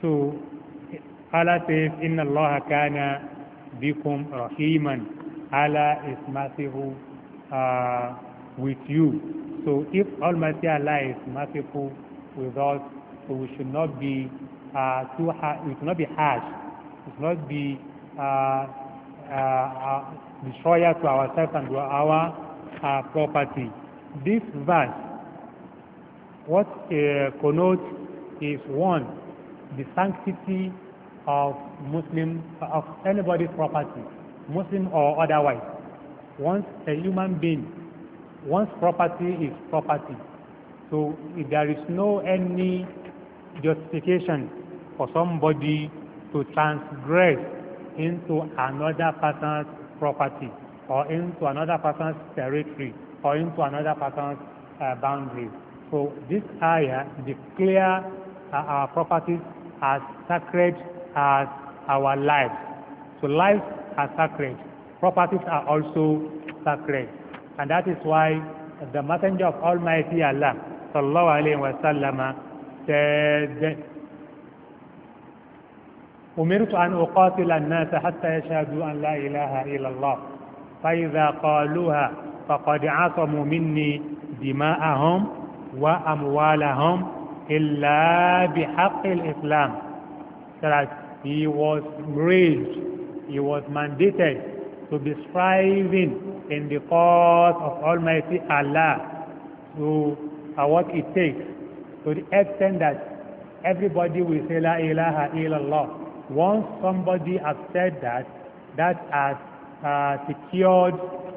so Allah says inna Allah kana bikum rahiman Allah is merciful uh, with you so if Almighty Allah is merciful with us so we should not be uh, too ha- we should not be harsh we should not be uh, uh, uh destroyer to ourselves and to our uh, property. This verse, what uh, connotes is one, the sanctity of Muslim, of anybody's property, Muslim or otherwise. Once a human being, once property is property. So if there is no any justification for somebody to transgress into another person's property or into another person's territory or into another person's uh, boundary. So this ayah declare uh, our properties as sacred as our lives. So lives are sacred. Properties are also sacred. And that is why the Messenger of Almighty Allah sallallahu alayhi wa sallam said, أمرت أن أقاتل الناس حتى يشهدوا أن لا إله إلا الله فإذا قالوها فقد عصموا مني دماءهم وأموالهم illa bihaqqil Islam that he was raised, he was mandated to be striving in the cause of Almighty Allah to uh, what it takes to the extent that everybody will say La ilaha illallah. Once somebody has said that, that has uh, secured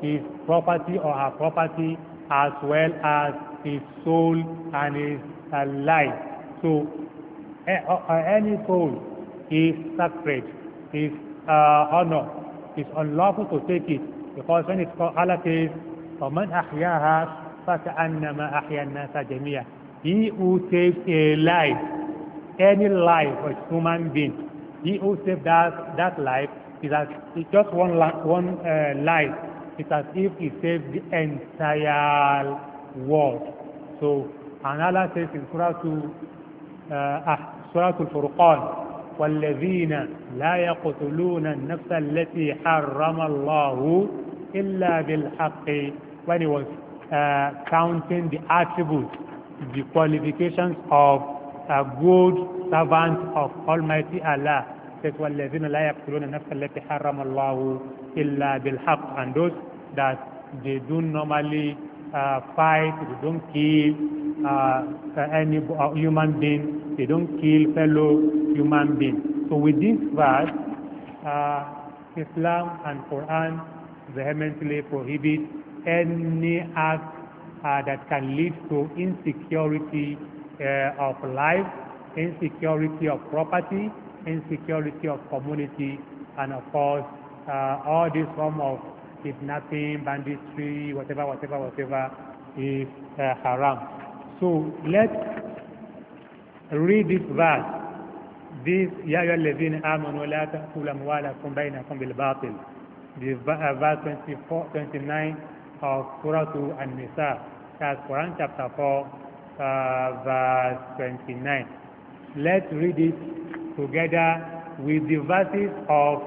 his property or her property as well as his soul and his A life, So eh, eh, any soul is sacred, is uh, honor. It's unlawful to take it because when it's called Allah says, فَمَنْ أَحْيَاهَا فَكَأَنَّمَا أَحْيَا النَّاسَ جَمِيعًا He who saves a life, any life of human being, he who saves that, that life is as it's just one, one uh, life. It's as if he saved the entire world. So عنالا في سورة الفرقان والذين لا يقتلون النفس التي حرم الله إلا بالحق when he was uh, counting the attributes the qualifications of a good servant of Almighty Allah says والذين لا يقتلون النفس التي حرم الله إلا بالحق and those that they don't normally uh, fight they don't kill Uh, uh, any uh, human being. They don't kill fellow human beings. So with this verse, uh, Islam and Quran vehemently prohibit any act uh, that can lead to insecurity uh, of life, insecurity of property, insecurity of community, and of course, all this form of kidnapping, banditry, whatever, whatever, whatever is haram. So let's read this verse. This, يَا أَيُّهَا الَّذِينَ آمَنُوا لَا تَأْكُلُوا أَمْوَالَكُمْ بَيْنَكُمْ بِالْبَاطِلِ The verse 24, 29 of Surah An-Nisa. That's Quran chapter 4, uh, verse 29. Let's read it together with the verses of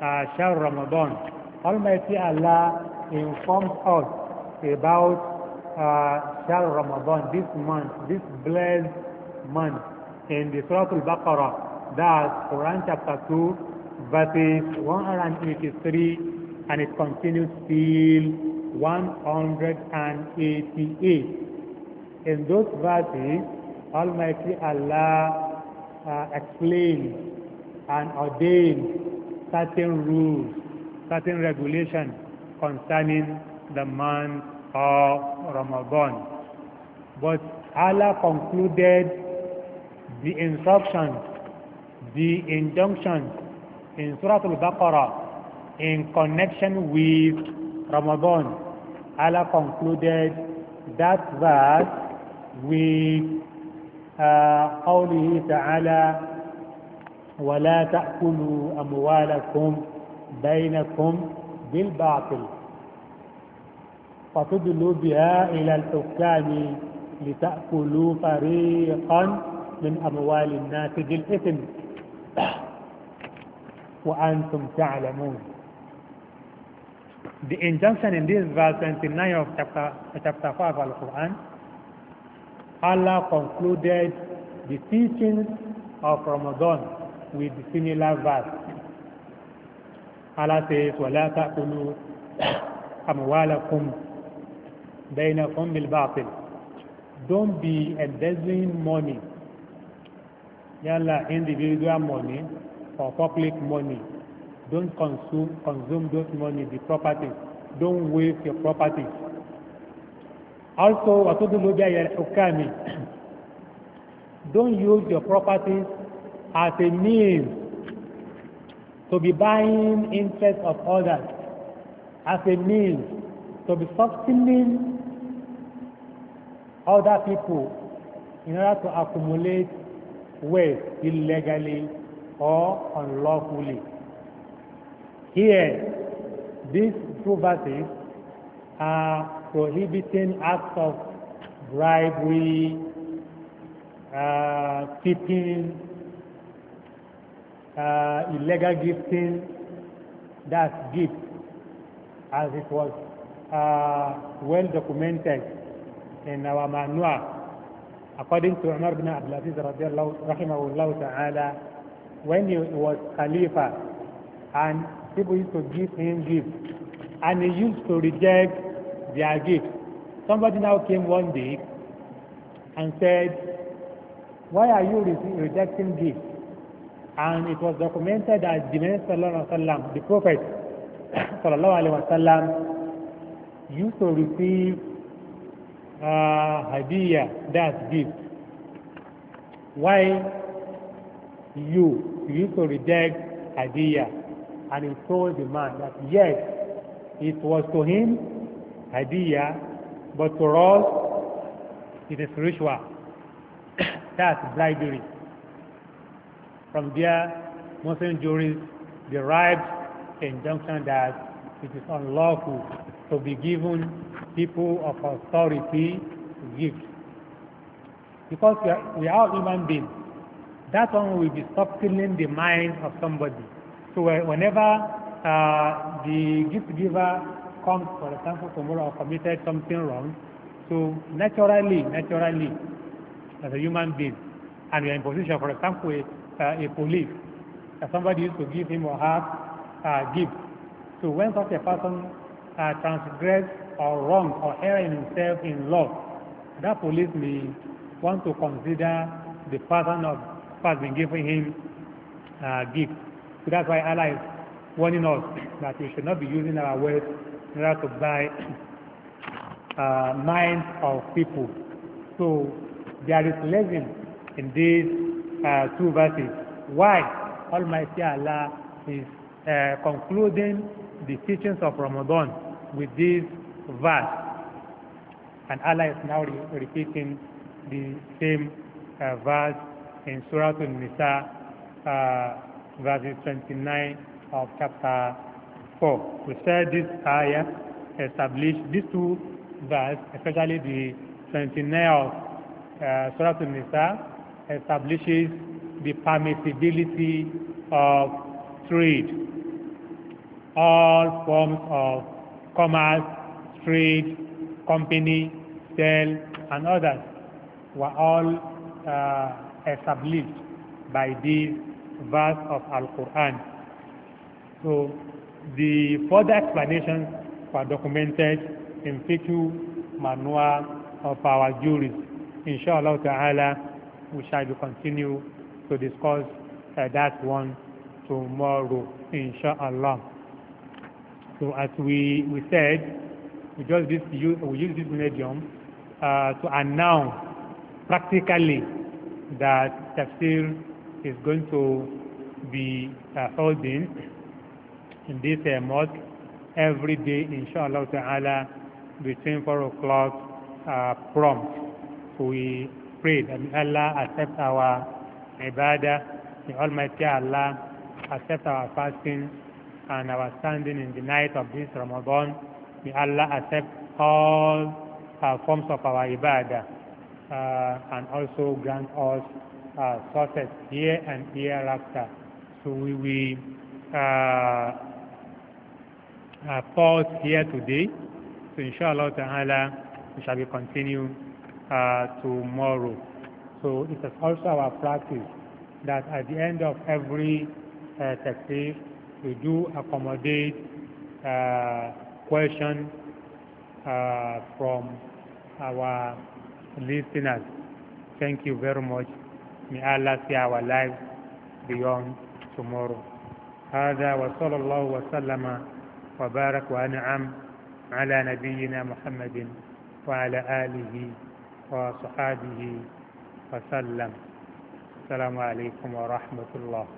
uh, Shah Ramadan. Almighty Allah informs us about uh, Ramadan, this month, this blessed month, in the Surah Al-Baqarah, that's Quran chapter 2, verses 183, and it continues till 188. In those verses, Almighty Allah uh, explains and ordains certain rules, certain regulations concerning the month of Ramadan. But Allah concluded the instruction, the injunction in Surah Al-Baqarah in connection with Ramadan. Allah concluded that verse with uh, قوله تعالى ولا تأكلوا أموالكم بينكم بالباطل فتدل بها إلى الحكام لتأكلوا فريقا من أموال الناس بالإثم وأنتم تعلمون The injunction in this verse 29 of chapter, chapter 5 of the quran Allah concluded the teachings of Ramadan with the similar verse. Allah says, وَلَا تَأْكُلُوا أَمْوَالَكُمْ بينكم بالباطل don't be embezzling money yálà individual money or public money don't consume consume those money the property don't waste your property also وتدلوا بها الحكام don't use your property as a means to be buying interest of others as a means to be sustaining other people in order to accumulate wealth illegally or unlawfully. Here, these two are prohibiting acts of bribery, uh, tipping, uh, illegal gifting, that's gift, as it was well documented in our manual. According to Umar bin Abdul Aziz rahimahullah ta'ala, when he was Khalifa and people used to give him gifts and he used to reject their gifts. Somebody now came one day and said, why are you rejecting gifts? And it was documented that the Prophet the Prophet you to receive uh, hadiya, that gift. Why you you to reject hadiya? And he told the man that yes, it was to him hadiya, but for us it is ritual. That's bribery. From there, Muslim juries derived injunction that it is unlawful to be given people of authority gifts. Because we are, we are human beings. That one will be subtling the mind of somebody. So whenever uh, the gift giver comes, for example, tomorrow or committed something wrong, so naturally, naturally, as a human being, and we are in position, for example, a, uh, a police, that somebody used to give him or her uh, gift. So when such a person uh, transgressed or wrong or err in himself in law, that police may want to consider the pattern of has been giving him uh, gift. So that's why Allah is warning us that we should not be using our wealth in order to buy uh, minds of people. So there is lesson in these uh, two verses. Why Almighty Allah is uh, concluding the teachings of Ramadan with this verse. And Allah is now re repeating the same uh, verse in Surah Al-Nisa, uh, verses 29 of chapter 4. We said this ayah established these two verses, especially the 29 of uh, Surah Al-Nisa, establishes the permissibility of trade, all forms of commerce, trade, company, sell, and others were all uh, established by this verse of Al-Quran. So the further explanations were documented in fiqh manual of our jurists. Inshallah ta'ala, we shall continue to discuss uh, that one tomorrow. Inshallah. So as we, we said, we just this, use we use this medium uh, to announce practically that tafsir is going to be uh, holding in this uh, mosque every day, inshallah ta'ala, between 4 o'clock uh, prompt. So we pray that Allah accept our ibadah, the Almighty Allah accept our fasting, and our standing in the night of this Ramadan. May Allah accept all uh, forms of our ibadah uh, and also grant us uh, success here and hereafter. So we uh, uh, pause here today. So inshallah ta'ala, we shall be continue uh, tomorrow. So it is also our practice that at the end of every uh, we do accommodate uh, questions uh, from our listeners. Thank you very much. May Allah see our lives beyond tomorrow. هذا وصلى الله وسلم وبارك وأنعم على نبينا محمد وعلى آله وصحابه وسلم السلام عليكم ورحمة الله